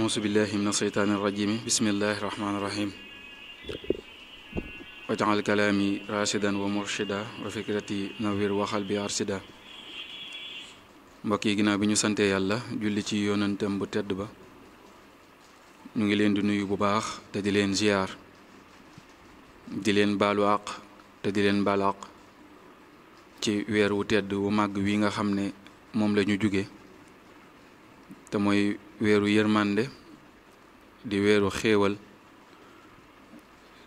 auzu billahi min asheytaani irrajimi bismillahi rahmaani rahim wajaal kalaami rachidan wa murshida wa fikrati nawir waxal bi arsida mbokk yi ginnaaw bi ñu santee yàlla julli ci yonentam bu tedd ba ñu ngi leen di nuyu bu baax te di leen ziyaar di leen baalu àq te di leen baalu àq ci weer wu tedd wu màgg wi nga xam ne moom la ñu jóge te mooy weeru yërmande di weeru xéewal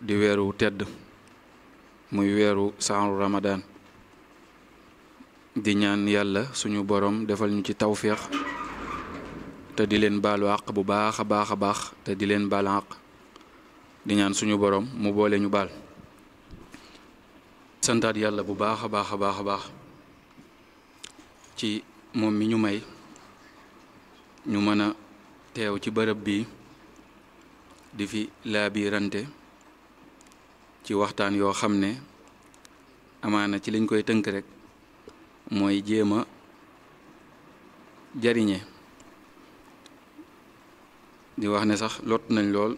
di weeru tedd muy weeru saaru ramadaan di ñaan yàlla suñu boroom defal ñu ci tawféex te di leen baalu àq bu baax a baax te di leen baal àq di ñaan suñu boroom mu boole ñu baal santaat yàlla bu baax a baax baax baax ci moom mi ñu may ñu mën teew ci bërëb bii di fi laabirante ci waxtaan yoo xam ne amaana ci liñ koy tënk rek mooy jéema jariñe di wax ne sax lott nañ lool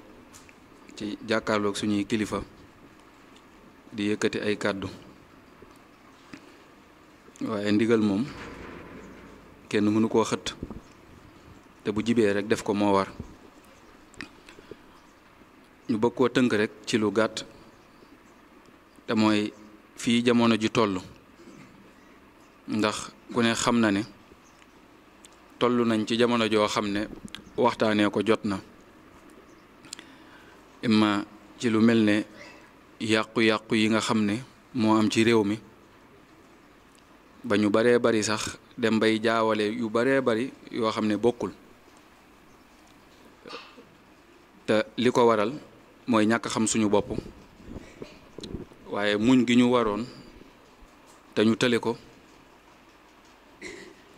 ci jàkkaarloog suñuy kilifa di yëkkati ay kàddu waaye ndigal moom kenn mënu koo xëtt te bu jibee rek def ko moo war ñu bëgg koo tënk rek ci lu gàtt te mooy fii jamono ji tollu ndax ku ne xam na ne toll nañ ci jamono joo xam ne waxtaanee ko jot na imma ci lu mel ne yàqu-yàqu yi nga xam ne moo am ci réew mi ba ñu baree bari sax dem bay jaawale yu baree bari yoo xam ne bokkul te li ko waral mooy ñàkk xam suñu bopp waaye muñ gi ñu waroon te ñu tële ko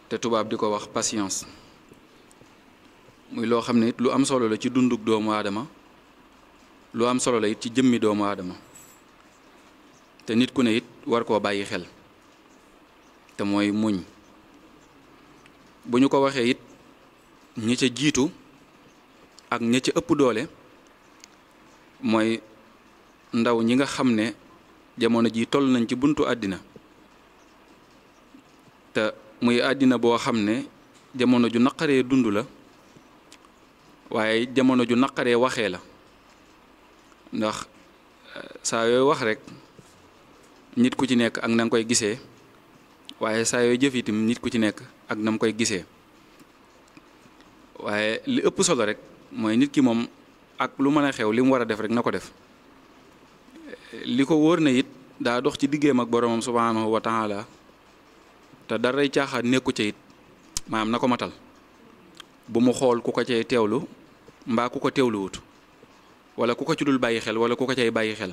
te tubaab di ko wax patience muy loo xam ne it lu am solo la ci dunduk doomu aadama lu am solo la it ci jëmmi doomu aadama te nit ku ne it war koo bàyyi xel te mooy muñ bu ñu ko waxee it ñi ca jiitu ak ña ci ëpp doole mooy ndaw ñi nga xam ne jamono ji toll nañ ci buntu àddina te muy àddina boo xam ne jamono ju naqaree dund la waaye jamono ju naqaree waxee la ndax eh, saa yooy wax rek nit ku ci nekk ak na koy gisee waaye saa yooy jëf itam nit ku ci nekk ak na koy gisee waaye li ëpp solo rek mooy nit ki moom ak lu mën a xew li mu war a def rek na ko def li ko wóor na it daa dox ci diggeem ak boromam subhaanahu wa taala te daray caaxaan nekku ca it maanaam na ko matal bu mu xool ku ko cay teewlu mbaa ku ko teewluwut wala ku ko ci dul bàyyi xel wala ku ko cay bàyyi xel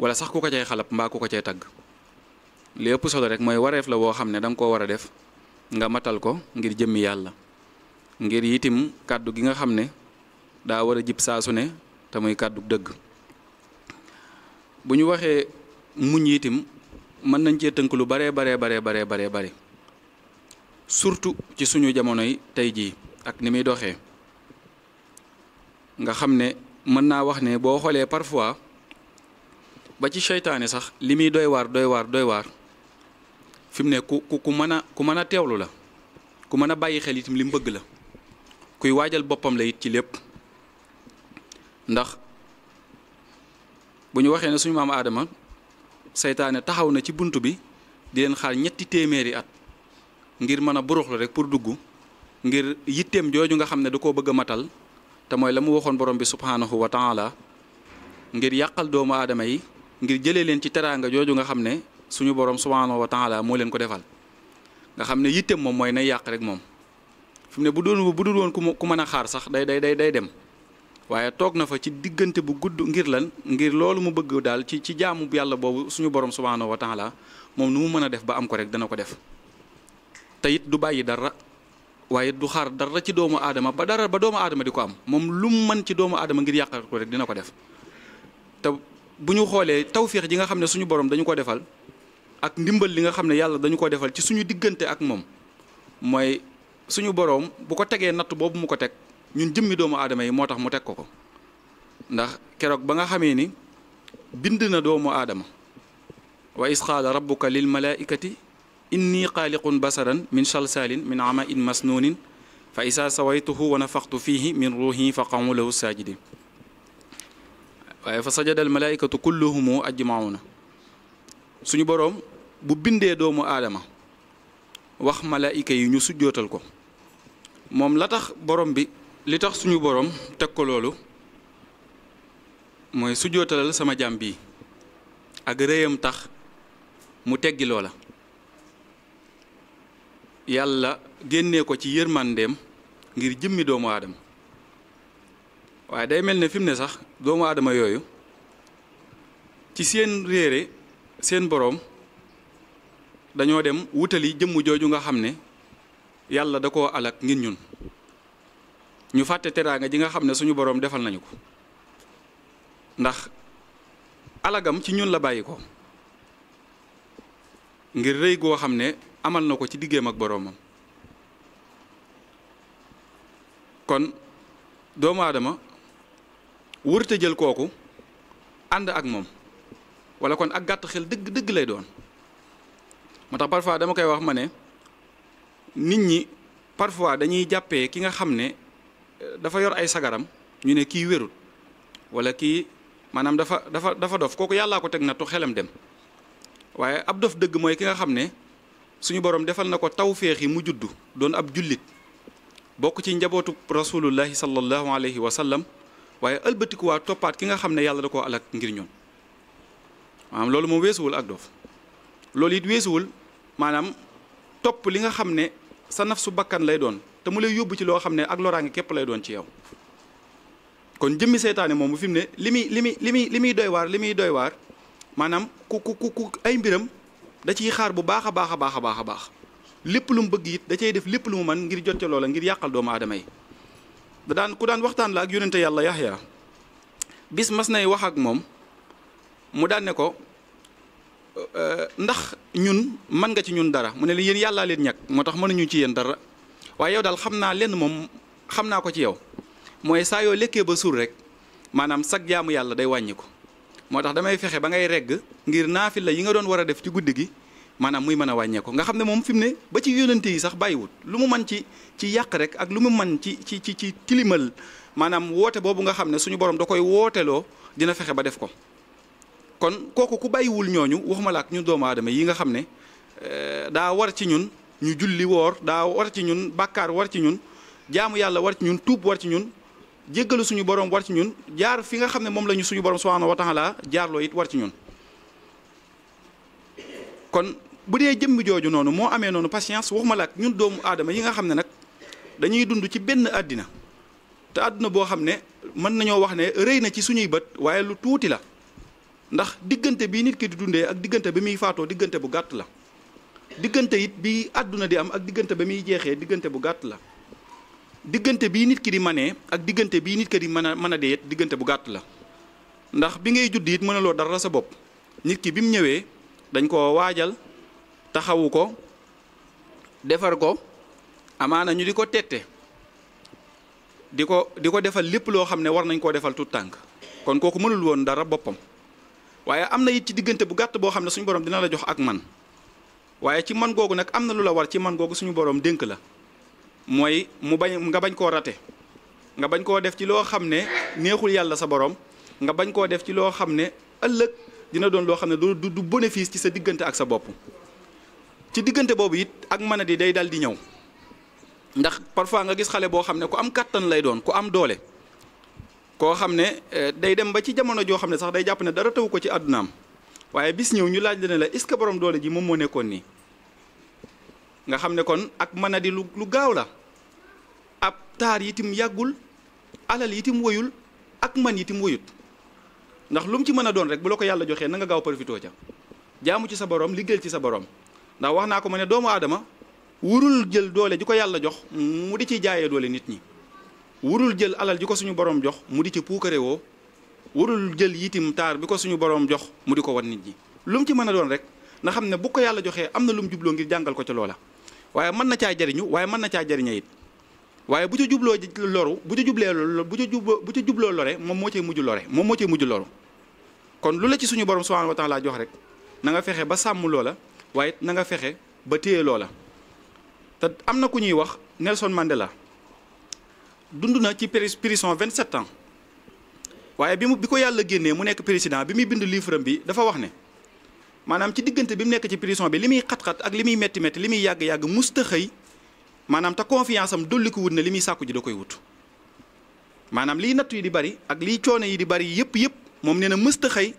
wala sax ku ko cay xalab mbaa ku ko cay tagg li ëpp solo rek mooy wareef la woo xam ne danga ko koo war a def nga matal ko ngir jëmmi yàlla ngir yitim kàddu gi nga xam ne daa war a jib saasu ne te muy kàddu dëgg bu ñu waxee muñ yitim mën nañ cee tënk lu baree baree baree baree baree bare surtout ci suñu jamonoy tey jii ak ni muy doxee nga xam ne mën naa wax ne boo xoolee parfois ba ci seytaane sax li muy doy waar doy waar doy waar fi mu ne ku ku ku mën a ku mën a teewlu la ku mën a bàyyi xel itam li mu bëgg la kuy waajal boppam la it ci lépp ndax bu ñu waxee ne suñu maam aadama seytaane taxaw na ci bunt bi di leen xaar ñetti téeméeri at ngir mën a buruxlu rek pour dugg ngir yitteem jooju nga xam ne du koo bëgg a matal te mooy la mu waxoon borom bi subhaanahu wa taala ngir yàqal doomu aadama yi ngir jëlee leen ci teraanga jooju nga xam ne suñu borom subhaanahu wa taala moo leen ko defal nga xam ne yitteem moom mooy nay yàq rek moom fi mu ne bu doon bu dul woon ku ku mën a xaar sax day day day day dem waaye toog na fa ci diggante bu gudd ngir lan ngir loolu mu bëgg daal ci ci jaamu yàlla boobu suñu borom subhaanahu wa taala moom nu mu mën a def ba am ko rek dana ko def te du bàyyi dara waaye du xaar dara ci doomu aadama ba dara ba doomu aadama di ko am moom lu mu mën ci doomu aadama ngir yàqal ko rek dina ko def te bu ñu xoolee tawféex ji nga xam ne suñu borom dañu ko defal ak ndimbal li nga xam ne yàlla dañu ko defal ci suñu diggante ak moom mooy suñu boroom bu ko tegee natt boobu mu ko teg ñun jëmmi doomu aadama yi moo tax mu teg ko ko ndax keroog ba nga xamee ni bind na doomu aadama wa is qaala rabbuka lil malaikati inni xaaliqun basaran min salsaalin min ama in masnuunin fa isaa sawaytuhu wa nafaxtu fiihi min ruuhi fa qamu lahu waaye fa sajada al malaikatu kulluhumu ajmauna suñu boroom bu bindee doomu aadama wax malaayika yi ñu sujjootal ko moom la tax borom bi li tax suñu borom teg ko loolu mooy sujjootalal sama jaam bi ak réyam tax mu teggi loola yàlla génnee ko ci yërmandeem ngir jëmmi doomu aadama waaye day mel ne fi mu ne sax doomu aadama yooyu ci seen réere seen borom dañoo dem wutali jëmm jooju nga xam ne yàlla da ko alak ngir ñun ñu fàtte teraanga ji nga xam ne suñu borom defal nañu ko ndax alagam ci ñun la bàyyi ko ngir réy goo xam ne amal na ko ci diggeem ak boroomam kon doomu aadama wurte jël kooku ànd ak moom walla kon ak gàtt xel dëgg dëgg lay doon moo tax parfois dama koy wax ma ne nit ñi parfois dañuy jàppe ki nga xam ne euh, dafa yor ay sagaram ñu ne kii wérul wala kii maanaam dafa dafa dafa dof kooku yàllaa ko teg nattu xelam dem waaye ab dof dëgg mooy ki nga xam ne suñu borom defal na ko tawféex yi mu juddu doon ab jullit bokk ci njabootu rasulullahi sallallahu alayhi wa sallam waaye ëlbatikuwaa toppaat ki nga xam ne yàlla da koo alak ngir ñoon maanaam loolu moom weesuwul ak dof loolu it weesuwul maanaam topp li nga xam ne sa su bakkan lay doon te mu lay yóbbu ci loo xam ne ak loraange képp lay doon ci yow kon jëmmi seetaane moom bu fi mu ne li muy li muy li muy li muy doy waar li muy doy waar maanaam ku ku ku ay mbiram da ciy xaar bu baax a baax a baax a baax a baax lépp lu mu bëgg yit da cay def lépp lu mu mën ngir jot ca loola ngir yàqal doomu aadama yi da daan ku daan waxtaan la ak yonente yàlla yaxya bis mas nay wax ak moom mu daan ne ko Euh, ndax ñun mën nga ci ñun dara mu ne la yéen yàllaa leen ñàkk moo tax mën mënuñu ci yéen dara waaye yow daal xam naa lenn moom xam naa ko ci yow mooy saa yoo lekkee ba suur rek maanaam sag jaamu yàlla day wàññi moo tax damay fexe ba ngay regg ngir naafil la yi nga doon war a def ci guddi gi maanaam muy mën a wàññeeku nga xam ne moom fi mu ne ba ci yónnante yi sax bàyyiwut lu mu mën ci ci yàq rek ak lu mu mën ci ci ci ci tilimal maanaam woote boobu nga xam ne suñu borom da koy wooteloo dina fexe ba def ko kon kooku ku bàyyiwul ñooñu waxuma la ñun doomu aadama yi nga xam ne euh, daa war ci ñun ñu julli woor daa war ci ñun bàkkaar war ci ñun jaamu yàlla war ci ñun tuub war ci ñun jéggalu suñu borom war ci ñun jaar fi nga xam ne moom la ñu suñu borom subhaanahu wa taala jaarloo it war ci ñun kon bu dee jëmm jooju noonu moo amee noonu patience waxuma la ñun doomu aadama yi nga xam ne nag dañuy dund ci benn àddina te àdduna boo xam ne mën nañoo wax ne rëy na ci suñuy bët waaye lu tuuti la ndax diggante bii nit ki di dundee ak diggante bi muy faatoo diggante bu gàtt la diggante it bi àdduna di am ak diggante ba muy jeexee diggante bu gàtt la diggante bii nit ki di manee ak diggante bii nit ki di mën a mën a diggante bu gàtt la ndax bi ngay judd it mënaloo dara sa bopp nit ki bi mu ñëwee dañ ko waajal taxawu ko defar ko amaana ñu di ko tette di ko di ko defal lépp loo xam ne war nañ koo defal tout tànk kon kooku mënul woon dara boppam waaye am na it ci diggante bu gàtt boo xam ne suñu borom dina la jox ak man waaye ci man googu nag am na lu la war ci man googu suñu borom dénk la mooy mu bañ nga bañ koo rate nga bañ koo def ci loo xam ne neexul yàlla sa borom nga bañ koo def ci loo xam ne ëllëg dina doon loo xam ne du du bénéfice ci sa diggante ak sa bopp ci diggante boobu it ak mën di day dal di ñëw ndax parfois nga gis xale boo xam ne ku am kàttan lay doon ku am doole koo xam ne eh, day dem ba ci jamono joo xam ne sax day jàpp ne dara taw ko ci àddunaam waaye bis ñëw ñu laaj la ne la est-ce que borom doole ji moom moo nekkoon nii nga xam ne kon ak mën a di lu lu gaaw la ab taar yitim yàggul alal yitim woyul ak man yitim woyut ndax lu mu ci mën a doon rek bu la ko yàlla joxee na nga gaaw profitoo ca jaamu ci sa borom liggéeyal ci sa borom ndax wax naa ko ma ne doomu aadama wurul jël doole ji ko yàlla jox mu di ci jaayee doole nit ñi warul jël alal ji ko suñu borom jox mu di ci puukare woo warul jël yitim taar bi ko suñu borom jox mu di ko wan nit ñi lu ci mën a doon rek na xam ne bu ko yàlla joxee am na lu mu jubloo ngir jàngal ko ca loola waaye mën na caa jariñu waaye mën na caa jariña it waaye bu ca jubloo loru bu ca jublee bu ca jub bu ca jubloo lore moom moo cee mujj lore moom moo cee mujj loru kon lu la ci suñu borom subhanahu wa taala jox rek na nga fexe ba sàmm loola waaye nanga nga fexe ba téye loola te am na ku ñuy wax Nelson Mandela dund na ci prison 27 ans waaye bi mu bi ko yàlla génnee mu nekk président bi muy bind livre bi dafa wax ne maanaam ci diggante bi mu nekk ci prison bi li muy xat-xat ak li muy métti métti li muy yàgg-yàgg musta xëy maanaam te confiance am dolli ko wut na li muy sàkku ji da koy wut maanaam liy natt yi di bari ak liy coono yi di bari yëpp yëpp moom nee na mësta xëy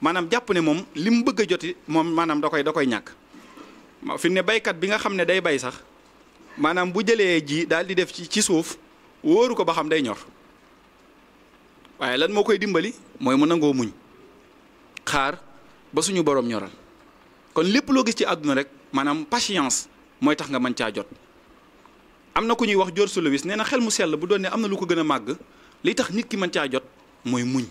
maanaam jàpp ne moom li mu bëgg a jot moom maanaam da koy da koy ñàkk fi ne baykat bi nga xam ne day bay sax maanaam bu jëlee ji daal def ci ci suuf wóoru ko ba xam day ñor waaye lan moo koy dimbali mooy mu nangoo muñ xaar ba suñu borom ñoral kon lépp loo gis ci àdduna rek maanaam patience mooy tax nga man caa jot. am na ku ñuy wax George Lewis nee na xel mu sell bu doon ne am na lu ko gën a màgg li tax nit ki mën caa jot mooy muñ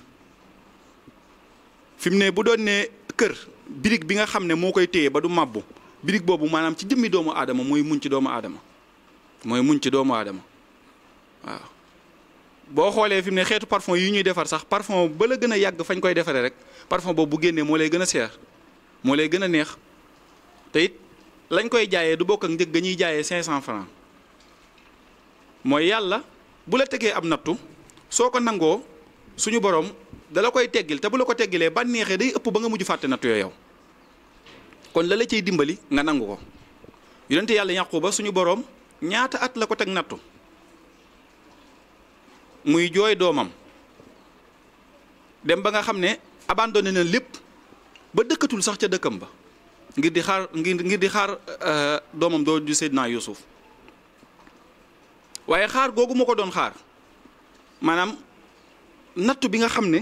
fi mu ne bu doon nee kër birig bi nga xam ne moo koy téye ba du màbbu birig boobu maanaam ci jëmmi doomu aadama mooy muñ doomu aadama mooy muñ ci doomu aadama. waaw boo xoolee fi mu ne xeetu parfum yu ñuy defar sax parfum ba la gën a yàgg fañ koy defaree rek parfum boobu bu génnee moo lay gën a seer moo lay gën a neex te it lañ koy jaayee du bokk ak njëg ga ñuy jaayee cent francs mooy yàlla bu la tegee ab nattu soo ko nangoo suñu borom dala koy teggil te bu la ko teggilee ban neexee day ëpp ba nga mujj fàtte nattu yow kon la la ciy dimbali nga nangu ko yonente yàlla yàqu ba suñu borom ñaata at la ko teg nattu. muy jooy doomam dem ba nga xam ne ne na lépp ba dëkkatul sax ca dëkkam ba ngir di xaar ngir di xaar euh, doomam doo ju Seydina Yuusuf waaye xaar googu ma ko doon xaar maanaam nattu bi nga xam ne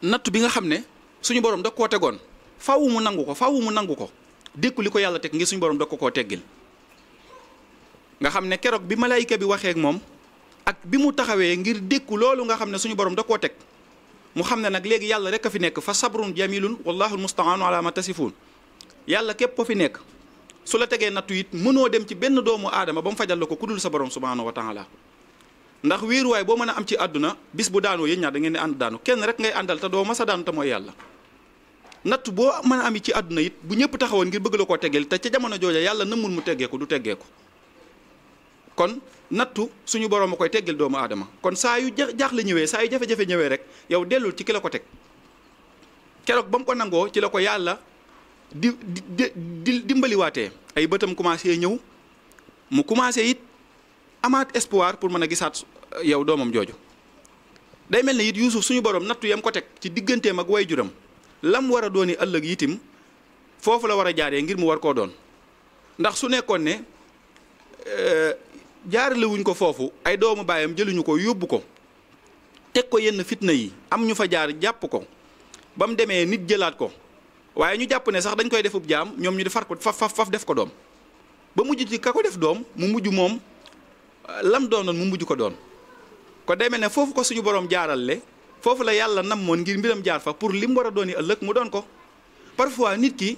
nattu bi nga xam ne suñu borom da koo tegoon faaw mu nangu ko faaw mu nangu ko dékku ko yàlla teg ngir suñu borom da ko koo teggil nga xam ne keroog bi malaayika bi waxee ak moom ak bi mu taxawee ngir dékku loolu nga xam ne suñu borom da koo teg mu xam ne nag léegi yàlla rek a fi nekk fa sabrun jamilun wallahu almustaanu ala ma tasifun yàlla képp ko fi nekk su la tegee nattu it mënoo dem ci benn doomu aadama ba mu fajal la ko dul sa borom subhanahu wa taala ndax wéeruwaay boo mën a am ci àdduna bis bu daanoo yéen ñaar da ngeen ànd daanu kenn rek ngay àndal te doo mooy yàlla natt boo mën a am ci àdduna it bu ñëpp taxawoon ngir bëgg la koo teggeel te ca jamono jooja yàlla namul mu teggeeku du teggeeku kon nattu suñu borom a koy teggeel doomu aadama kon saa yu jaaxle ñëwee saa yu jafe-jafe ñëwee rek yow dellul ci ki la ko teg keroog ba mu ko nangoo ci la ko yàlla di di di dimbaliwaatee ay bëtam commencé ñëw mu commencé it amaat espoir pour mën a gisaat yow doomam jooju day mel ne it Yuusuf suñu borom nattu yam ko teg ci digganteem ak way juram lam war a dooni ëllëg itim foofu la war a jaaree ngir mu war koo doon ndax su nekkoon ne eh, jaaralewuñ ko foofu ay doomu baayam jëluñu ko yóbbu ko teg ko yenn fitna yi am ñu fa jaar jàpp ko ba mu demee nit jëlaat ko waaye ñu jàpp ne sax dañ koy defub jaam ñoom ñu defar ko faf faf def ko doom ba mujj ci ka ko def doom mu mujj moom lam doonoon mu mujj ko doon ko demee ne foofu ko suñu borom jaarale foofu la yàlla nam namoon ngir mbiram jaar fa pour li mu war a dooni ëllëg mu doon ko parfois nit ki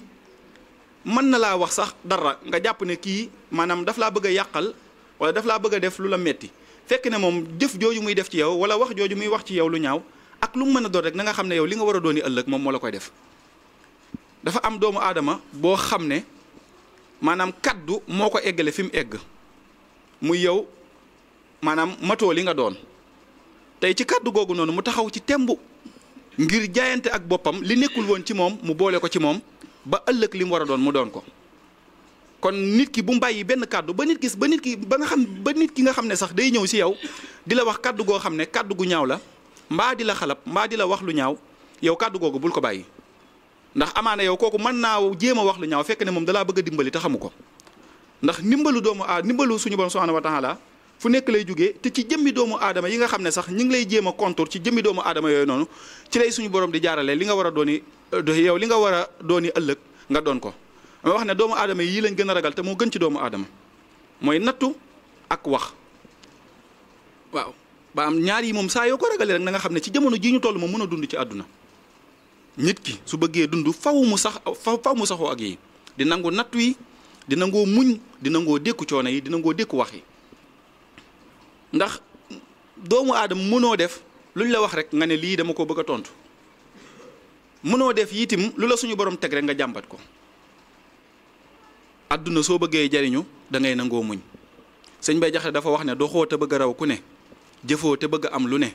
mën na laa wax sax dara nga jàpp ne kii maanaam daf laa bëgg a yàqal wala daf laa bëgg a def lu la metti fekk ne moom jëf jooju muy def ci yow wala wax jooju muy wax ci yow lu ñaaw ak lu mu mën a doon rek na nga xam ne yow li nga war a dooni ëllëg moom moo la koy def dafa am doomu aadama boo xam ne maanaam kaddu moo ko eggale fi mu egg muy yow maanaam matoo li nga doon tey ci kàddu googu noonu mu taxaw ci tembu ngir jaayante ak boppam li nekkul woon ci moom mu boole ko ci moom ba ëllëg li mu war a doon mu doon ko kon nit ki bu mu bàyyi benn kàddu ba nit ki ba nit ba nga xam ba nit ki nga xam ne sax day ñëw si yow di la wax kàddu goo xam ne kàddu gu ñaaw la mbaa di la xalab mbaa di la wax lu ñaaw yow kàddu googu bul ko bàyyi ndax amaana yow kooku mën naa jéem a wax lu ñaaw fekk ne moom dalaa bëgg a dimbali te ko ndax ndimbalu doomu ah ndimbalu suñu borom subhanahu wa taala fu nekk lay jugee te ci jëmmi doomu aadama yi nga xam ne sax ñu ngi lay jéem a contour ci jëmmi doomu aadama yooyu noonu ci lay suñu borom di jaarale li nga war a dooni euh, yow li nga war a dooni ëllëg nga doon ko wax ne doomu aadama yii lañ gën a ragal moo gën ci doomu aadama mooy nattu ak wax waaw ba am ñaar yi moom saa yoo ko ragalee rek na nga xam ne ci jamono jii ñu toll moom mën a dund ci àdduna nit ki su bëggee dund faw mu sax faw mu saxoo ak yi di nangu nattu yi di nangoo muñ di nangoo dékku coono yi di nangoo dékku wax yi ndax doomu aadam mënoo def luñ la wax rek nga ne lii dama ko bëgg a tontu mënoo def yitim lu la suñu borom tegre nga jàmbat ko àdduna soo bëggee jariñu dangay nangoo muñ sëñ Bay Jaxate dafa wax ne doxoo te bëgg a raw ku ne jëfoo te bëgg am lu ne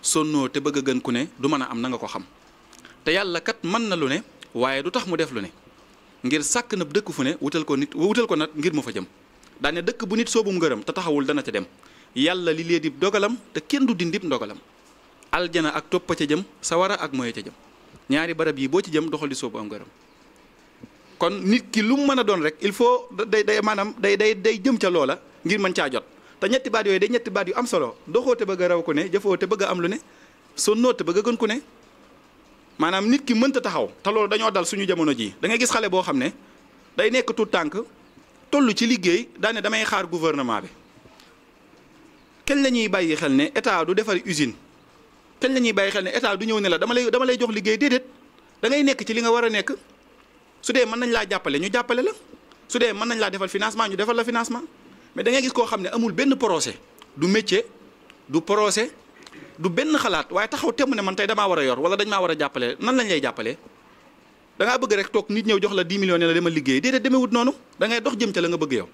sonnoo te bëgg gën ku ne du mën a am na nga ko xam te yàlla kat mën na lu ne waaye du tax mu def lu ne ngir sàkk na dëkk fu ne wutal ko nit wutal ko nag ngir mu fa jëm daane dëkk bu nit soobum ngërëm te taxawul dana ca dem yàlla li lee di dogalam te kenn du dindib ndogalam aljana ak topp ca jëm sawara ak moye ca jëm ñaari barab yi boo ci jëm doxal di soobu am garam kon nit ki lu mu mën a doon rek il faut day day maanaam day day day jëm ca loola ngir mën caa jot te ñetti baat yooyu day ñetti baat yu am solo doxoo te bëgg a raw ku ne jëfoo te bëgg a am lu ne sonnoo te bëgg a gën ku ne maanaam nit ki mënta taxaw te loolu dañoo dal suñu jamono ji da ngay gis xale boo xam ne day nekk tànk toll ci liggéey daane damay xaar gouvernement bi kenn la ñuy bàyyi xel ne état du defar usine kañ la ñuy bàyyi xel ne état du ñëw ne la dama lay dama lay jox liggéey déedéet da nekk ci li nga war a nekk su mën nañ laa jàppale ñu jàppale la su dee mën nañ laa defal financement ñu defal la mais da ngay gis koo xam ne amul benn projet du métier du projet du benn xalaat waaye taxaw temm ne man tey a yor wala dañ maa war a jàppale nan lañ lay jàppalee da ngaa bëgg rek toog nit ñëw jox la 10 millions ne la liggéey déedéet demewut noonu da ngay dox jëm ca la nga bëgg yow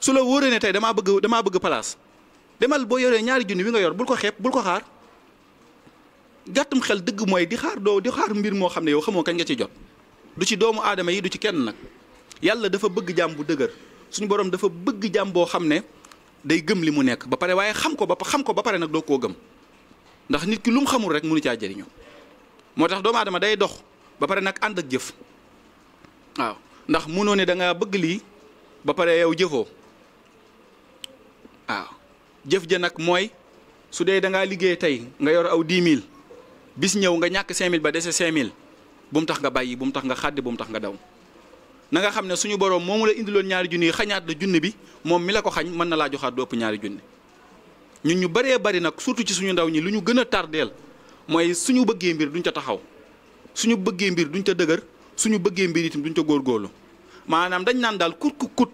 su la wóoree ne tey damaa bëgg damaa bëgg place demal boo yoree ñaari junni wi nga yor bul ko xeeb bul ko xaar gàttum xel dëgg mooy di xaar doo di xaar mbir moo xam ne yow xamoo kañ nga ci jot du ci doomu aadama yi du ci kenn nag yàlla dafa bëgg jàmm bu dëgër suñu borom dafa bëgg jàmm boo xam ne day gëm li mu nekk ba pare waaye xam ko ba xam ko ba pare nag doo koo gëm ndax nit ki lum xamul rek mënu caa jëriñoo moo tax doomu aadama day dox ba pare nag ànd ak jëf waaw ndax mënoo ne da ngaa bëgg lii ba pare jëfoo. waaw jëf ja nag mooy su dee da ngaa liggéey tey nga yor aw 10 000 bis ñëw nga ñàkk 5000 ba dese 5000 bu mu tax nga bàyyi bu mu tax nga xàddi bu mu tax nga daw na nga xam ne suñu borom moomu la indiloon ñaari junni yi xañaat la junni bi moom mi la ko xañ mën na laa joxaat du ëpp ñaari junni ñun ñu bëree bari nag surtout ci suñu ndaw ñi lu ñu gën a tardeel mooy suñu bëggee mbir duñu ca taxaw suñu bëggee mbir duñu ca dëgër suñu bëggee mbir itam duñ ca góorlu maanaam dañ naan daal kut ku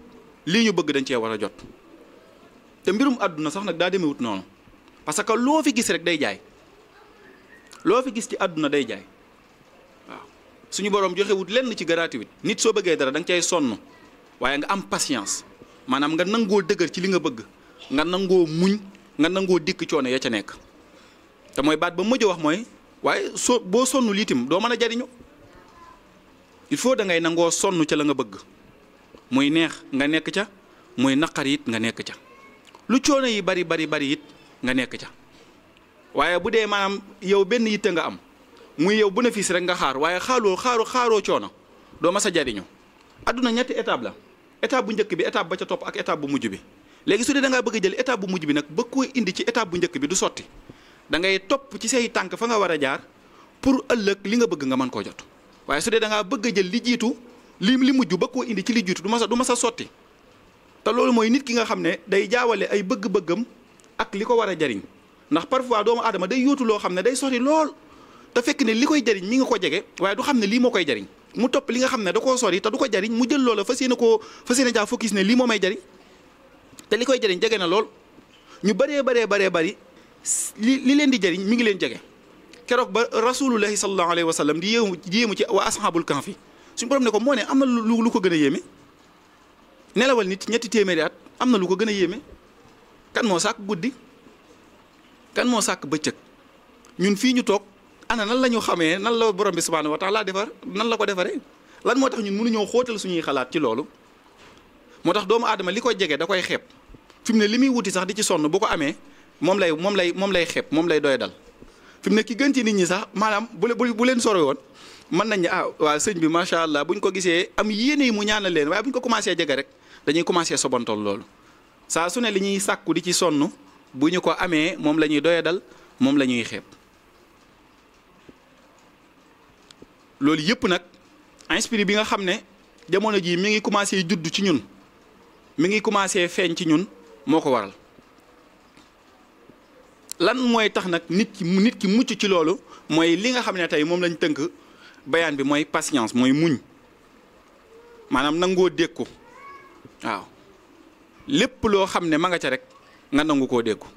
lii ñu bëgg dañ cee war a jot te mbirum àdduna sax nag daa wut noonu parce que loo fi gis rek day jaay loo fi gis ci àdduna day jaay waaw suñu borom joxewut lenn ci gratuit nit soo bëggee dara danga cay sonn waaye nga am patience maanaam nga nangoo dëgër ci li nga bëgg nga nangoo muñ nga nangoo dikk coono ya ca nekk te mooy baat ba mujj wax mooy waaye soo boo sonnul liitim doo mën a jariñu il faut da ngay nangoo sonn ca la nga bëgg muy neex nga nekk ca muy naqar nga nekk ca lu coono yi bari bari bari it nga nekk ca waaye bu dee maanaam yow benn yitte nga am muy yow bénéfice rek nga xaar waaye xaaloo xaaru xaaroo coono doo sa a jariñu adduna ñetti étape la étape bu njëkk bi étape ba ca topp ak étape bu mujj bi léegi su dee da ngaa bëgg jël étape bu mujj bi nag bëgg koo indi ci étape bu njëkk bi du sotti dangay topp ci say tànk fa nga war a jaar pour ëllëg li nga bëgg nga mën koo jot waaye su dee da ngaa bëgg jël li jiitu li li mujj bëgg indi ci li jiitu du mas a du mas a sotti te loolu mooy nit ki nga xam ne day jaawale ay bëgg-bëggam ak li ko war a jariñ ndax parfois doomu adama day yóotu loo xam ne day sori lool te fekk ne li koy jariñ mi nga ko jege waaye du xam ne lii moo koy jariñ mu topp li xam ne da koo sori te du ko jariñ mu jël loola fas yéene fas yéene jaa focus ne lii moo may jariñ te koy jariñ jege na lool ñu bëree bëree bëree bëri li li leen di jariñ mi ngi leen jege keroog ba rasulullahi sallallahu alayhi wa sallam di yéemu di yéemu ci waa ashabul kahfi suñu borom ne ko moo ne am na lu lu ko gën a yéeme nelawal nit ñetti téeméeri at am na lu ko gën a yéeme kan moo sàkk guddi kan moo sàkk bëccëg ñun fii ñu toog ana nan la ñu xamee nan la borom bi subhaanahu wa laa defar nan la ko defaree lan moo tax ñun mënuñoo xóotal suñuy xalaat ci loolu moo tax doomu aadama li ko jege da koy xeeb fi mu ne li muy wuti sax di ci sonn bu ko amee moom lay moom lay moom lay xeeb moom lay doy dal fi mu ne ki gën ci nit ñi sax maanaam bu bu bu leen sore woon mën nañ ne ah waa sëñ bi macha allah buñ ko gisee am yéene yi mu ñaanal leen waaye buñ ko commencé jege rek. dañuy commencé sobantool loolu saa su ne li ñuy sàkku di ci sonn bu ñu ko amee moom la ñuy doyadal moom la ñuy xeeb loolu yëpp nag inspiré bi nga xam ne jamono jii mi ngi commencé judd ci ñun mi ngi commencé feeñ ci ñun moo ko waral lan mooy tax nag nit ki nit ki mucc ci loolu mooy li nga xam ne tey moom lañ tënk bayaan bi mooy patience mooy muñ maanaam nangoo dégg ko waaw lépp loo xam ne ma nga ca rek nga nangu koo dékku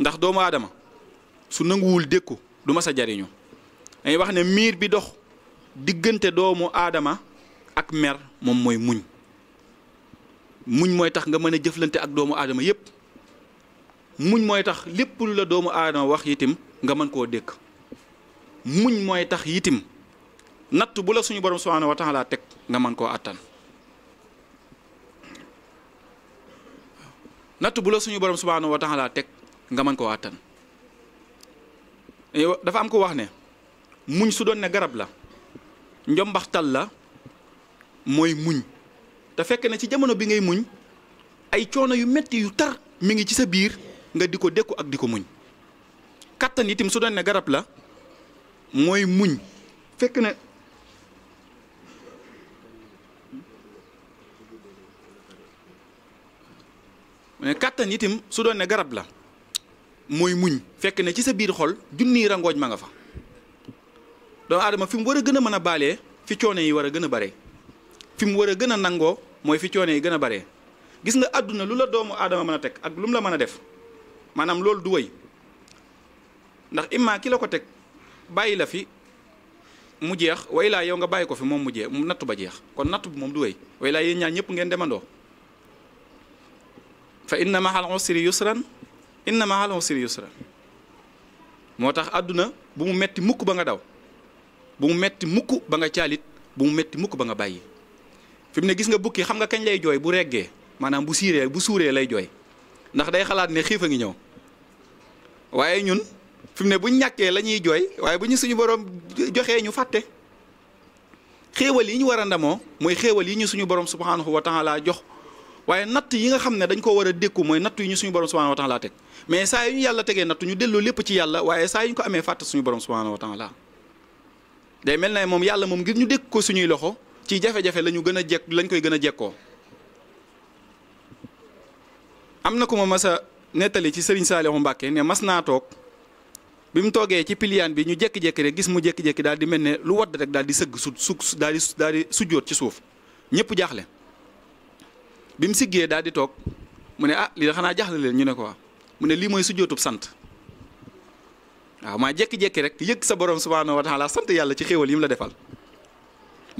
ndax doomu aadama su nanguwul dékku du ma sa jariñu dañuy wax ne miir bi dox diggante doomu aadama ak mer moom mooy muñ muñ mooy tax nga mën a jëflante ak doomu aadama yépp muñ mooy tax lépp lu la doomu aadama wax yitim nga mën koo dékk muñ mooy tax yitim natt bu la suñu borom subhaanahu wa taala teg nga mën koo àttan natt bu la suñu borom subhaanahu wa taala teg nga man ko àttan dafa am ko wax ne muñ su doon ne garab la njombaxtal la mooy muñ te fekk na ci jamono bi ngay muñ ay coono yu metti yu tar mu ngi ci sa biir nga di ko dékku ak di ko muñ kattan itam su doon ne garab la mooy muñ fekk na mais kàttan itam su doon ne garab la mooy muñ fekk ne ci sa biir xol junniy rangooj ma nga fa doomu aadama fi mu war a gën a mën a baalee fi coono yi war a gën a bare fi mu war a gën a nangoo mooy fi coono yi gën a bare gis nga àdduna lu la doomu aadama mën a teg ak lu mu la mën a def maanaam loolu du wëy ndax imma ki la ko teg bàyyi la fi mu jeex way laa yow nga bàyyi ko fi moom mu jeex mu natt ba jeex kon natt bi moom du wéy way laa yéen ñaar ñëpp ngeen demandoo fa inna mahal usri yusran inna mahal usri yusran moo tax àdduna bu mu metti mukk ba nga daw bu mu metti mukk ba nga caalit bu mu metti mukk ba nga bàyyi fi mu ne gis nga bukki xam nga kañ lay jooy bu reggee maanaam bu siiree bu suuree lay jooy ndax day xalaat ne xiif a ngi ñëw waaye ñun fi mu ne bu ñàkkee la ñuy jooy waaye bu ñu suñu boroom joxee ñu fàtte xeewal yi ñu war a ndamoo mooy xéewal yi ñu suñu borom subhanahu wa taala jox waaye natt yi nga xam ne dañ ko war a dékku mooy natt yi ñu suñu borom subhanahu wa taala teg mais saa yu ñu yàlla tegee natt ñu delloo lépp ci yàlla waaye saa yu ñu ko amee fàtte suñu borom subhanahu wa day mel na ne moom yàlla moom ngir ñu dékk ko suñuy loxo ci jafe-jafe la ñu gën a jekk lañu koy gën a jekkoo am na ku ma mas a nettali ci Serigne Saliou Mbacké ne mas naa toog bi mu toogee ci piliyaan bi ñu jékki-jékki rek gis mu jékki-jékki daal di mel ne lu wadd rek daal di sëgg su su daal di daal di ci suuf ñëpp jaaxle bi mu siggee daal di toog mu ne ah lii da xanaa jaaxle leen ñu ne ko waa mu ne lii mooy sujjootub sant waaw maa jékki-jékki rek yëg sa borom subhaanahu wa taala sant yàlla ci xéewal yi mu la defal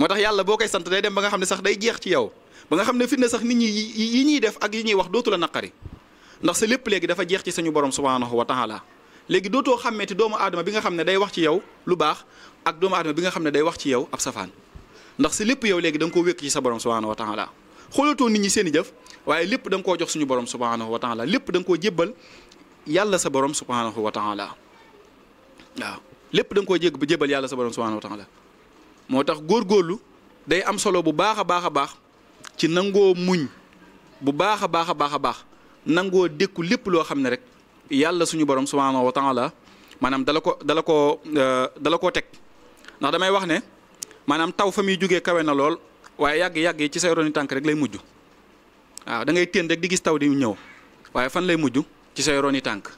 moo tax yàlla boo koy sant day dem ba nga xam ne sax day jeex ci yow ba nga xam ne fi ne sax nit ñi yi ñuy def ak yi ñuy wax dootu naqari ndax sa lépp léegi dafa jeex ci suñu borom subhaanahu wa taala léegi dootoo xàmmeeti doomu aadama bi nga xam ne day wax ci yow lu baax ak doomu aadama bi nga xam ne day wax ci yow ab safaan ndax si lépp yow léegi da koo wékk ci sa borom subhaanahu wa taala xoolatoo nit ñi seen i jëf waaye lépp danga nga koo jox suñu borom subhanahu wa taala lépp da nga koo jébbal yàlla sa borom subhanahu wa taala waaw lépp da nga koo jég jébbal yàlla sa borom subhanahu wa taala moo tax góor góorlu day am solo bu baax a baax a baax ci nangoo muñ bu baax a baax a baax a baax nangoo dékku lépp loo xam ne rek yàlla suñu borom subhanahu wa taala maanaam dala ko dala koo euh, dala koo teg ndax damay wax ne maanaam taw fa muy jógee kawe na lool. waaye yàgg-yàgg yi ci say roni tànk rek lay mujj waaw dangay ngay téen rek di gis taw di ñëw waaye fan lay mujj ci say yi tànk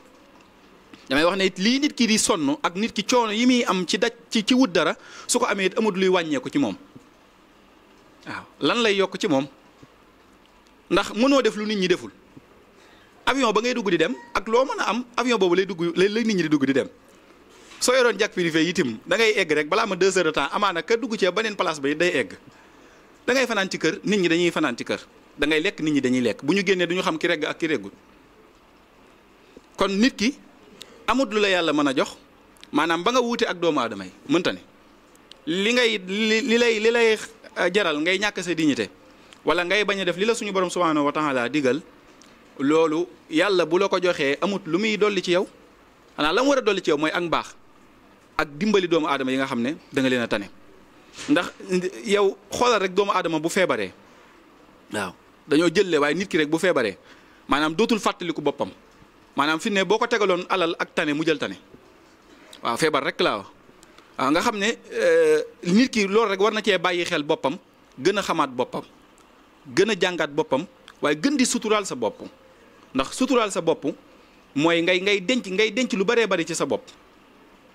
damay wax ne lii nit ki di sonn ak nit ki coono yi muy am ci daj ci ci wut dara su ko amee it amut luy wàññeeku ci moom waaw lan lay yokk ci moom ndax mënoo def lu nit ñi deful avion ba ngay dugg di dem ak loo mën a am avion boobu lay dugg lay nit ñi di dugg di dem soo yoroon jàkk privé itam da ngay egg rek balaa ma deux heures de temps amaana ka dugg beneen place ba day egg. da ngay fanaan ci kër nit ñi dañuy fanaan ci kër da ngay lekk nit ñi dañuy lekk bu ñu génnee du ñu xam ki regg ak ki reggul kon nit ki amut lu la yàlla mën a jox maanaam ba nga wuute ak doomu aadama yi mënta ne li ngay li lay li lay eh, jaral ngay ñàkk sa dignité wala ngay bañ a def li la suñu borom subhanahu wa laa digal loolu yàlla bu la ko joxee amut lu muy dolli ci yow xanaa la mu war a dolli ci yow mooy ak mbaax ak dimbali doomu aadama yi nga xam ne da nga leen a tane. ndax yow xoolal rek doomu aadama bu feebaree waaw dañoo jëlle waaye nit ki rek bu feebaree maanaam dootul fàttaliku boppam maanaam fi ne boo ko tegaloon alal ak tane mu jël tane waaw feebar rek laa waaw nga xam ne euh, nit ki loolu rek war na cee bàyyi xel boppam gën a xamaat boppam gën a jàngaat boppam waaye gën di suturaal sa bopp ndax suturaal sa bopp mooy ngay ngay denc ngay denc lu bëree bëri ci sa bopp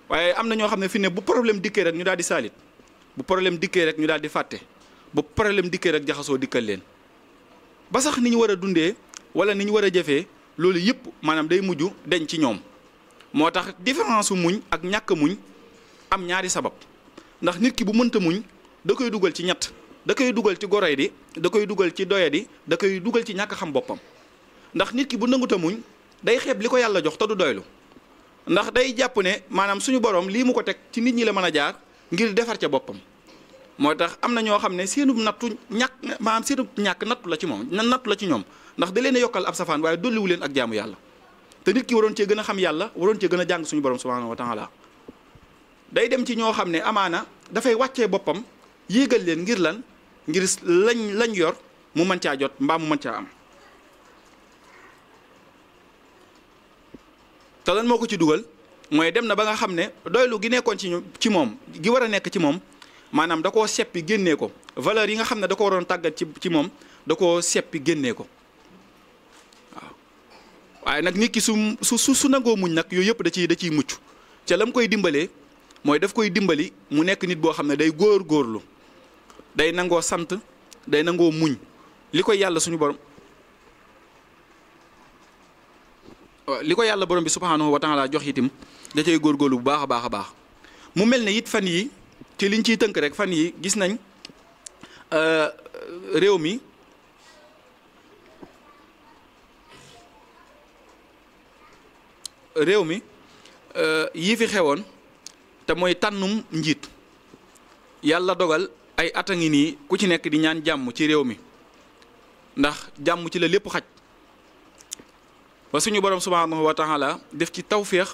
waaye am na ñoo xam ne fi ne bu problème dikkee rek ñu daal di saalit. bu problème dikkee rek ñu daal di fàtte bu problème dikkee rek jaxasoo dikkal leen ba sax ni ñu war a dundee wala ni ñu war a jëfee loolu yëpp maanaam day mujj deñ ci ñoom moo tax différence muñ ak ñàkk muñ am ñaari sabab ndax nit ki bu mënta muñ da koy dugal ci ñett da koy dugal ci goroy di da koy dugal ci doye di da koy dugal ci ñàkk xam boppam ndax nit ki bu nangut a muñ day xeeb li ko yàlla jox te du doylu ndax day jàpp ne maanaam suñu borom lii mu ko teg ci nit ñi la mën a jaar ngir defar ca boppam moo tax am na ñoo xam ne seenub nattu ñàkk maanaam seenub ñàkk nattu la ci moom na nattu la ci ñoom ndax da leen a yokkal ab safaan waaye dolliwu leen ak jaamu yàlla te nit ki waroon cee gën a xam yàlla waroon cee gën a jàng suñu borom subhanahu wa taala day dem ci ñoo xam ne amaana dafay wàccee boppam yéegal leen ngir lan ngir lañ lañ yor mu mën caa jot mbaa mu mën caa am te lan moo ko ci dugal mooy dem na ba nga xam ne doylu gi nekkoon ci moom gi war a nekk ci moom maanaam da koo seppi génnee ko valeur yi nga xam ne da ko waroon tàggat ci ci moom da koo seppi génne ko waaw waaye nag nit ki su su su nangoo muñ nag yooyu yëpp da ciy da ciy mucc ca lam koy dimbalee mooy daf koy dimbali mu nekk nit boo xam ne day góor góorlu day nangoo sant day nangoo muñ li koy yàlla suñu borom li ko yàlla borom bi subhaanahu wa laa jox itim da cay góorgóorlu bu baax a baax a baax mu mel ne it fan yi ci liñ ciy tënk rek fan yi gis nañ euh, réew mi réew mi euh, yii fi xewoon te mooy tànnum njiit yàlla dogal ay at a ngi nii ku ci nekk di ñaan jàmm ci réew mi ndax jàmm ci la lépp xaj ba suñu borom subhaanahu wa taala def ci taw féex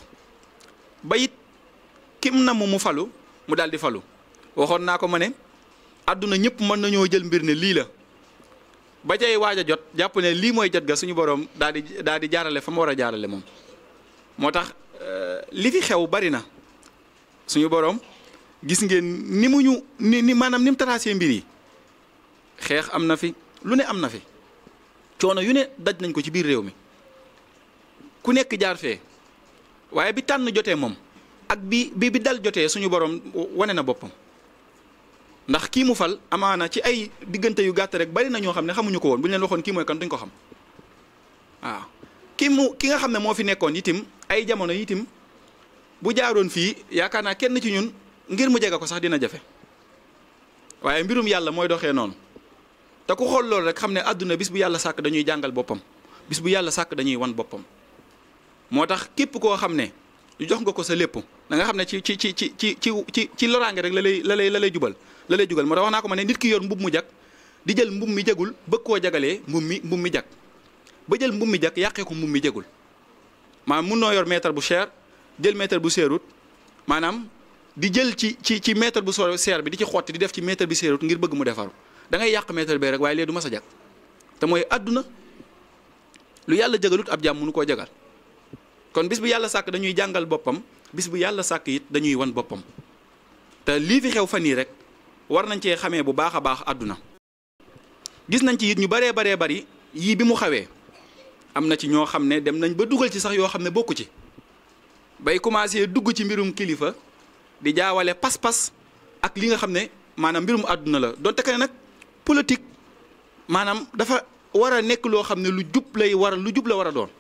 ba it kim na mu mu falu mu daal di falu waxoon naa ko ma ne àdduna ñëpp mën nañoo jël mbir ne lii la ba cay waaj a jot jàpp ne lii mooy jot ga suñu borom daal di daal di jaarale fa mu war a jaarale moom moo tax euh, li fi xew bari na suñu boroom gis ngeen ni mu ñu ni ni maanaam ni mu tracé mbir yi xeex am na fi lu ne am na fi coono yu ne daj nañ ko ci biir réew mi ku nekk jaar fee. waaye bi tànn jotee moom ak bi bi bi dal jotee suñu borom wane na boppam ndax kii mu fal amaana ci ay diggante yu gàtt rek bari na ñoo xam ne xamuñu ko woon bu neen waxoon kii mooy kan duñ ko xam waaw ki mu ki nga xam ne moo fi nekkoon itim ay jamono itim bu jaaroon fii yaakaar naa kenn ci ñun ngir mu jege ko sax dina jafe waaye mbirum yàlla mooy doxee noonu te ku xool loolu rek xam ne àdduna bis bu yàlla sàkk dañuy jàngal boppam bis bu yàlla sàkk dañuy boppam moo tax képp koo xam ne jox nga ko sa lépp danga xam ne ci ci ci ci ci ci ci loraange rek la lay la lay la jubal la lay jugal moo tax wax naa ko ma ne nit ki yor mbub mu jag di jël mbub mi jagul bëgg koo jagalee mbub mi mbub mi jag ba jël mbub mi jag yàqee ko mbub mi jagul maanaam mun noo yor mètre bu cher jël mètre bu seerut maanaam di jël ci ci ci mètre bu so seer bi di ci xotti di def ci mètre bi seerut ngir bëgg mu defaru da yàq mètre bee rek waaye léegi du ma sa jag te mooy àdduna lu yàlla jagalut ab jaam mënu koo jagal kon bis bu yàlla sàkk dañuy jàngal boppam bis bu yàlla sàkk it dañuy wan boppam te lii fi xew fan yii rek war nañ cee xamee bu baax a baax àdduna gis nañ ci it ñu baree baree bari yii bi mu xawee am na ci ñoo xam ne dem nañ ba dugal ci sax yoo xam ne bokk ci bay commencé dugg ci mbirum kilifa di jaawale pas-pas ak li nga xam ne maanaam mbirum àdduna la donte que nag politique maanaam dafa war a nekk loo xam ne lu jub lay war lu jub la war a doon.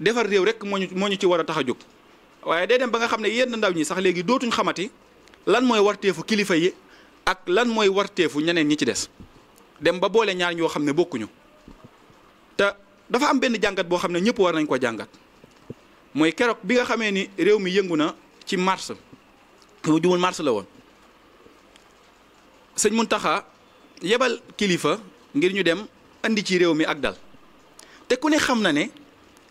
defar réew rek moo ñu moo ñu ci war a tax a jóg waaye day dem ba nga xam ne yenn ndaw ñi sax léegi dootuñ xamati lan mooy warteefu kilifa yi ak lan mooy warteefu ñeneen ñi ci des dem ba boole ñaar ñoo xam ne bokkuñu te dafa am benn jàngat boo xam ne ñëpp war nañ ko jàngat mooy keroog bi nga xamee ni réew mi yëngu na ci mars mu jumul mars la woon sëñ taxa yebal kilifa ngir ñu dem indi ci réew mi ak dal te ku ne xam na ne.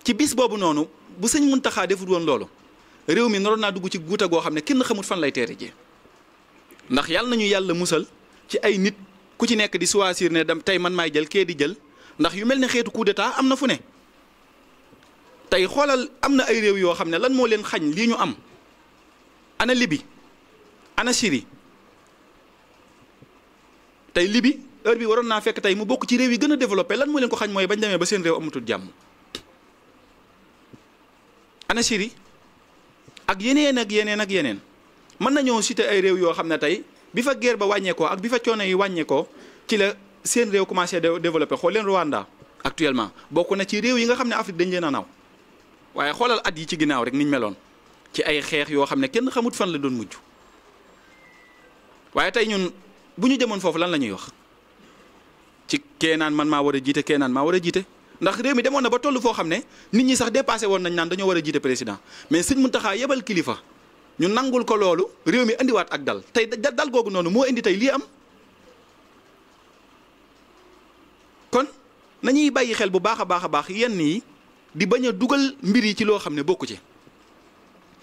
ci bis boobu noonu bu sëñ Muntaxa defut woon loolu réew mi naroon naa dugg ci guuta goo xam ne kenn xamut fan lay teere ji ndax yàlla nañu yàlla musal ci ay nit ku ci nekk di choisir ne dem tey man maay jël kee di jël ndax yu mel ne xeetu coup d'état am na fu ne tey xoolal am na ay réew yoo xam ne lan moo leen xañ lii ñu am ana Libi ana Syrie tey Libi heure bi waroon naa fekk tey mu bokk ci réew yi gën a développé lan moo leen ko xañ mooy bañ demee ba seen réew amatul jàmm ana Syrie ak yeneen ak yeneen ak yeneen mën nañoo citer ay réew yoo xam ne tey bi fa geer ba wàññeekoo ak bi fa coono yi wàññeekoo ci la seen réew commencé développé xool leen Rwanda actuellement bokk na ci réew yi nga xam ne Afrique dañ leen a naaw waaye xoolal at yi ci ginnaaw rek niñ meloon ci ay xeex yoo xam ne kenn xamut fan la doon mujj waaye tey ñun bu ñu demoon foofu lan la ñuy wax ci kee naan man maa war a jiite kee maa war a jiite ndax réew mi demoon na ba toll foo xam ne nit ñi sax dépassé woon nañ naan dañoo war a jiite président mais sëñ Muntaxa yebal kilifa ñu nangul ko loolu réew mi indiwaat ak dal tey dal googu noonu moo indi tey lii am kon nañuy bàyyi xel bu baax a baax a baax yenn yi di bañ a dugal mbir yi ci loo xam ne bokku ci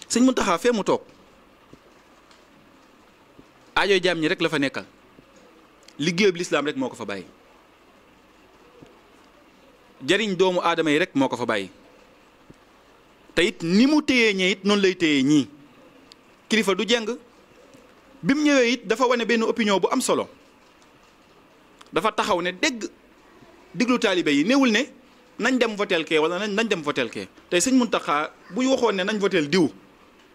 sëñ taxaa fee mu toog aajo jaam ñi rek la fa nekkal liggéeyub lislaam rek moo ko fa bàyyi jariñ doomu aadama yi rek moo ko fa bàyyi te ni mu téyee ñee it noonu lay téyee ñii kilifa du jeng bi mu ñëwee it dafa wane benn opinion bu am solo dafa taxaw ne dégg diglu taalibe yi néewul ne nañ dem votel kee wala nañ dem votel kee tey sëñ Muntaxa buy waxoon ne nañ votel diw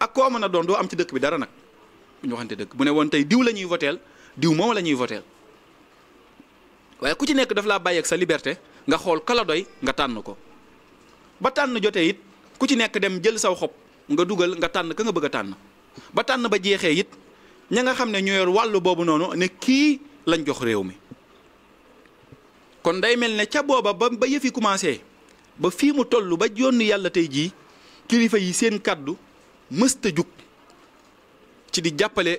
ak koo mën a doon doo am ci dëkk bi dara nag bu ñu waxante dëgg bu ne woon tey diw la ñuy votel diw moom la ñuy votel waaye ku ci nekk daf laa bàyyi sa liberte nga xool kala doy nga tànn ko ba tànn jotee it ku ci nekk dem jël saw xob nga dugal nga tànn ka nga bëgg a tànn ba tànn ba jeexee it ña nga xam ne ñoo yor wàllu boobu noonu ne kii lañ jox réew mi kon day mel ne ca booba ba ba yëfi commencé ba fii mu toll ba yónni yàlla tey jii kilifa yi seen kàddu mësta jug ci di jàppale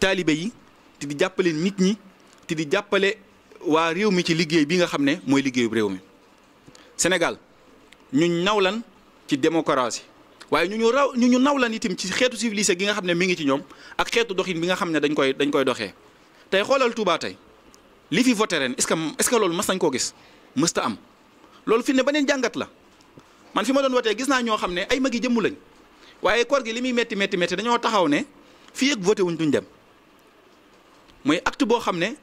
taalibe yi te di jàppale nit ñi te di jàppale waa réew mi ci liggéey bi nga xam ne mooy liggéeyu réew mi Sénégal ñu naw lan ci démocratie waaye ñu ñu raw ñu ñu naw lan itam ci xeetu civilisé gi nga xam ne mi ngi ci ñoom ak xeetu doxin bi nga xam ne dañ koy dañ koy doxee tey xoolal Touba tey li fi voté ren est-ce que est loolu mas nañ koo gis mësta am loolu fi ne beneen jàngat la man fi ma doon wotee gis naa ñoo xam ne ay magi jëmmu lañ waaye koor gi li muy métti métti métti dañoo taxaw ne fii ak voté wuñ duñ dem mooy act boo xam ne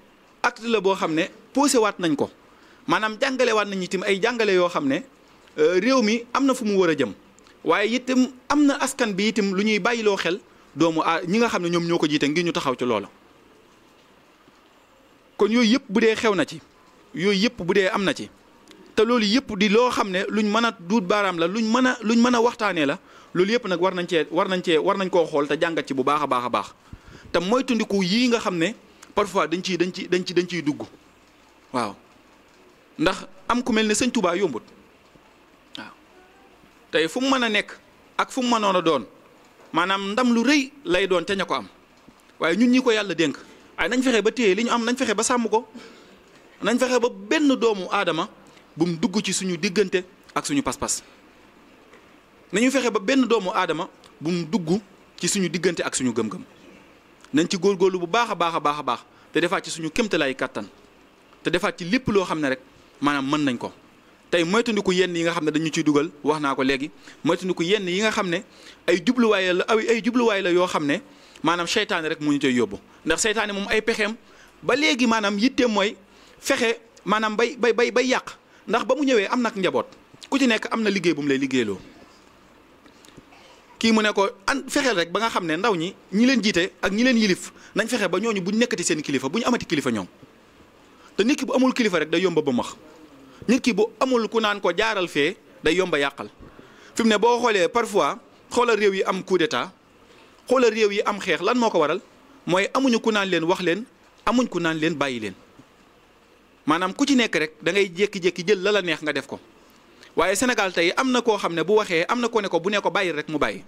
acte la boo xam ne posé waat nañ ko maanaam jàngale waat nañ itam ay jàngale yoo xam ne euh, réew mi am na fu mu war a jëm waaye itam am na askan bi itam lu ñuy bàyyiloo xel doomu a ñi nga xam ne ñoom ñoo ko jiite ngir ñu taxaw ci loolu kon yooyu yëpp bu dee xew na ci yooyu yëpp bu dee am na ci te loolu yëpp di loo xam ne luñ mën a duut baaraam la lu luñ mën a luñ mën a waxtaanee la loolu yëpp nag war nañ cee war nañ cee war nañ koo xool te jàngat ci bu baax a baax a baax nga xam ne. parfois dañ ciy dañ ciy dañ ci dañ ciy dugg waaw ndax am ku mel ni sëñ Touba yombut waaw tey fu mu mën a nekk ak fu mu mënoon a doon maanaam ndam lu rëy lay doon ca ña ko am waaye ñun ñi ko yàlla dénk ay nañ fexe ba téye li ñu am nañ fexe ba sàmm ko nañ fexe ba benn doomu aadama bu mu dugg ci suñu diggante ak suñu pas-pas nañu fexe ba benn doomu aadama bu mu dugg ci suñu diggante ak suñu gëm-gëm. nañ ci góor góorlu bu baax a baax a baax a baax te defaat ci suñu kéemtalaay kàttan te defaat ci lépp loo xam ne rek maanaam mën nañ ko tey moytandiku yenn yi nga xam ne dañu ciy dugal wax naa ko léegi moytandiku yenn yi nga xam ne ay jubluwaay la ay jubluwaay la yoo xam ne maanaam seytaane rek mu ñu tey yóbbu ndax seytaane moom ay pexeem ba léegi maanaam yitteem mooy fexe maanaam bay bay bay bay yàq ndax ba mu ñëwee am nag njaboot ku ci nekk am na liggéey bu mu lay liggéeyloo kii mu ne ko an fexeel rek ba nga xam ne ndaw ñi ñi leen jiite ak ñi leen yilif nañ fexe ba ñooñu buñ nekkati seen kilifa bu ñu amati kilifa ñoom te nit bu amul kilifa rek day yomba ba max nit ki bu amul ku naan ko jaaral fee day yomba yàqal fi mu ne boo xoolee parfois xoolal réew yi am coup xoola réew yi am xeex lan moo ko waral mooy amuñu ku naan leen wax leen amuñ ku naan leen bàyyi leen maanaam ku ci nekk rek da ngay jékki-jékki jël la a neex nga def ko waaye Sénégal tey am na koo xam ne bu waxee am na ko ne ko bu ne ko bàyyi rek mu bàyyi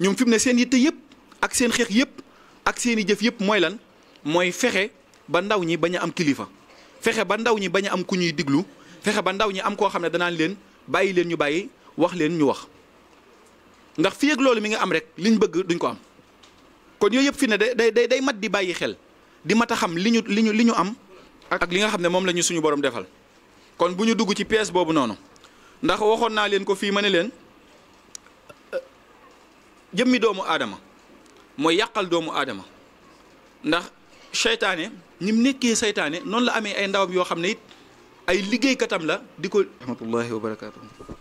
ñoom fi mu ne seen yitte yëpp ak seen xeex yëpp ak seen i jëf yëpp mooy lan mooy fexe ba ndaw ñi bañ am kilifa fexe ba ndaw ñi bañ am ku ñuy diglu fexe ba ndaw ñi am koo xam ne danaan leen bàyyi leen ñu bàyyi wax leen ñu wax ndax fii ak loolu mi nga am rek liñ bëgg duñ ko am kon yooyu yëpp fi ne day day day mat di bàyyi xel di mat a xam li ñu li ñu li ñu am ak li nga xam ne moom lañu ñu suñu borom defal kon bu ñu dugg ci pièce boobu noonu ndax waxoon naa leen ko fii ma ne leen jëmmi doomu aadama mooy yàqal doomu aadama ndax seytaane ni mu nekkee seytaane noonu la amee ay ndawam yoo xam ne it ay liggéeykatam la di ko rahmatullahi wa barakaatu